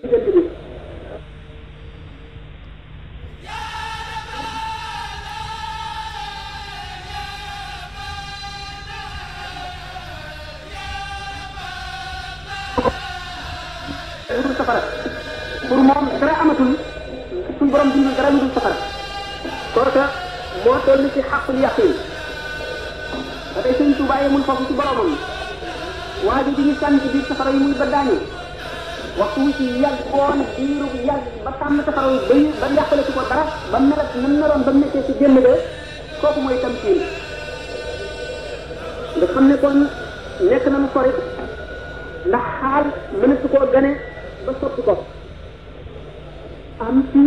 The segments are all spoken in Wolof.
safara pour moom dara amatul suñ borom dund dara lu dul safara kooka moo toll ci xaqul yaqin ba tey sëñ Tuubaa yemul foofu ci boromam waa ji di ñu sànni ci biir safara yi muy bëddaani waxtu wu ci yàggoon diirub yàgg ba tàmm safaraw bëy ba njàppale ci ko dara ba melat na meloon ba nekkee ci génn de kooku mooy tamkiin nga xam ne kon nekk na mu sori ndax xaal mënatu koo gane ba soppi ko am ci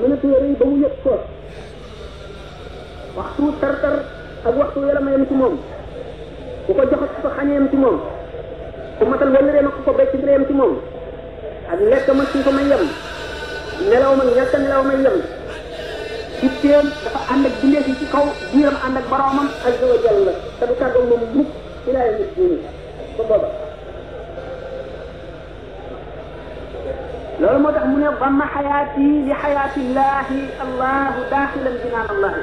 mënatu rëy ba mu yëpp ko waxtu tar-tar ak waxtu yaramayam ci moom ku ko joxat ko xañeem ci moom ku matal wëllëreem ak ku ko becc ci moom ak lekk ma suñ ko may yem nelaw ma ñàkk nelaw may yem itteem dafa ànd ak bindee fi ci kaw biiram ànd ak boroomam ak doo jël la te du tàggoog moom mukk ci laay nit ñi ba booba loolu moo tax mu ne bamma xayaati li xayaatillahi allahu daaxilan binaan allahi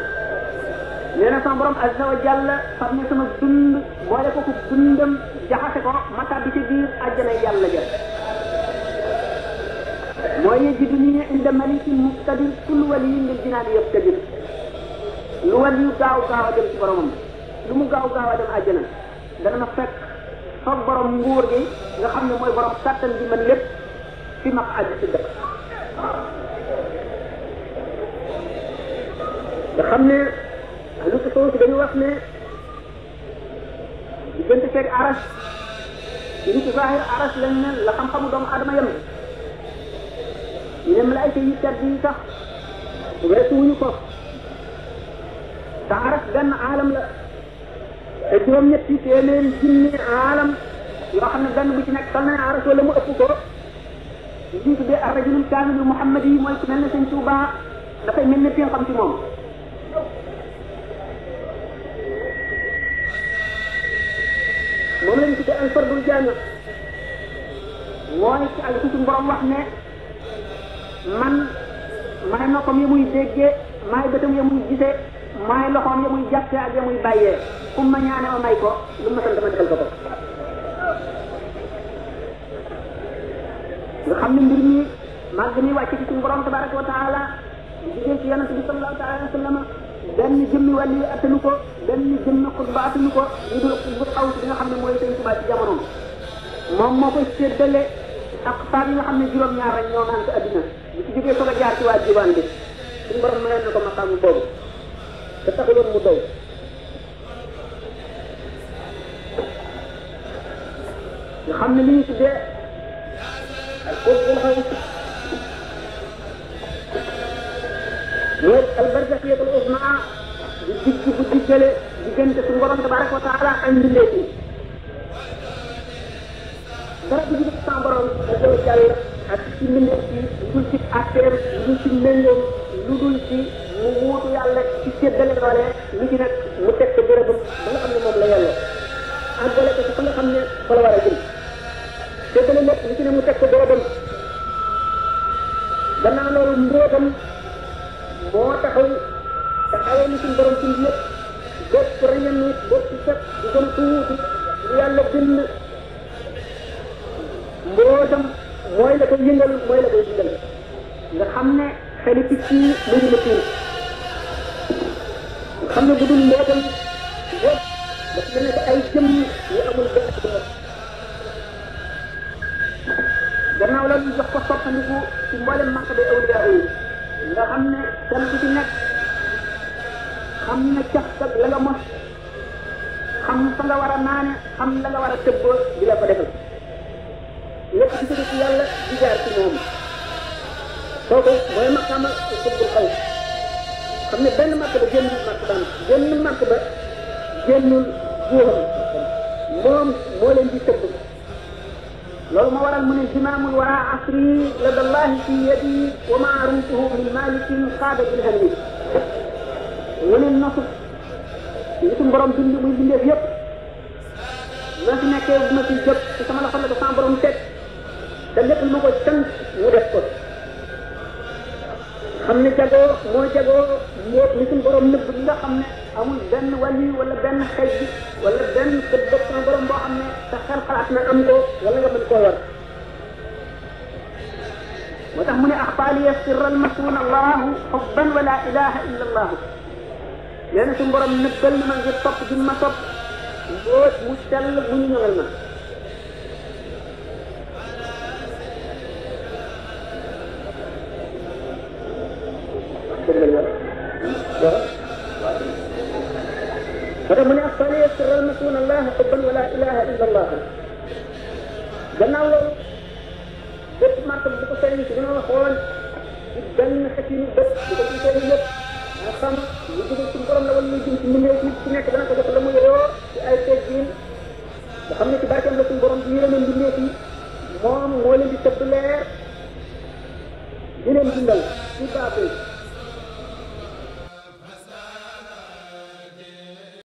nee na sama borom azza wa jalla fab ne sama dund boole ko ko dundam jaxase ko ma tàbbi ci biir àjjana yàlla jël موي جدني عند ملك مقتدر كل ولي من الجنان يقتدر لو ولي غاو غاو دم بروم لو مو غاو غاو دم اجنا دا نا فك فك بروم نغور دي غا خامني موي بروم ساتان دي من ليب في مقعد صدق دا خامني لو تصوص دا نيو واخني بنت فك عرش لو تصاهر عرش لن لا خام خام ادم يمن ñu ne malaayka yu tedd yi sax weesuwuñu ko te araf benn aalam la te juróom ñetti téeméeri jinni aalam yoo xam ne benn bu ci nekk sal nañ aras wala mu ëpp ko ñu tuddee arrajulul kaamilu muhammad yi mooy ku mel ne sëñ Touba dafay mel ne xam ci moom moom lañ tuddee al fardul jaami mooy ci ak suñu borom wax ne man maay noppam ya muy déggee maay bëtam ya muy gisee maay loxoom ya muy jàppee ak ya muy bàyyee fu ma ñaane ma may ko lu ma sant ma defal ko ko nga xam ne mbir mi màgg mi wàcc ci suñu borom tabaraka wa taala jigéen ci yonente bi sallallahu taala wa sallama benn jëmmi wàllu attanu ko benn jëmmi xutba ko ñu dul xutba aw bi nga xam ne mooy sëñ Tuubaa ci jamonoom moom moo koy séddale ak faam yi nga xam ne juróom-ñaar rek ñoo naan ci adduna bu jugee fa nga jaar ci waa jiwaan bi suñu borom na ko maqaam boobu te taxuloon mu doy nga xam li ñu tuddee al qur'an xaw al di bu borom wa taala dara sama borom dafa jàll ak ci mbind ci lu dul ci affaire lu ci méngoom lu dul ci mu wuutu yàlla ci séddale doole lu ci nag mu teg ko bërëbam ba xam ne moom la yàlla àggale ci fa nga a jëm séddale lépp lu ci ne mu teg ko bërëbam gannaaw loolu mbóotam moo taxaw taxawee ni suñu borom suñu lépp lu yàlla bind mbootam mooy la koy yëngal mooy la koy yëngal nga xam ne xeli picc yi lu dul tuur nga xam ne bu dul mbootam yëpp ko soppandiku ci mboolem màq nga xam ne kenn ci nekk xam na cax ak la nga mos xam fa nga war a naane xam la nga war a tëbboo di la ko defal lépp di jóge ci yàlla di jaar ci moom kooku mooy maqaama xutbul xaw xam ne benn màkk ba génnul màkk daan génnul màkk ba génnul góoram moom moo leen di tëbb loolu ma waral mu ne zimaamul wara asri ladallahi fi yadi wa maaruutuhu min malikin qaada bilhamni mu ne nosu li suñ borom bind muy bindeef yëpp na fi nekkee bu ma ci jëpp ci sama loxo la ko sama borom teg te lu ma ko sant mu def ko xam ne jagoo moo jagoo mbóot mi suñ borom nëbb bi nga xam ne amul benn wàlli wala benn xëy bi wala benn sa bopp na borom boo xam ne sa xel xalaat na am ko wala nga mën koo war moo tax mu ne axbaali yasir almasun allahu xubban wala ilaha illa allahu nee na suñ borom nëbbal na ma ngir topp gi ma topp mbóot mu sell mu ñu ñëwal ma بالمليون ربنا أفضل يسرمكون saya ini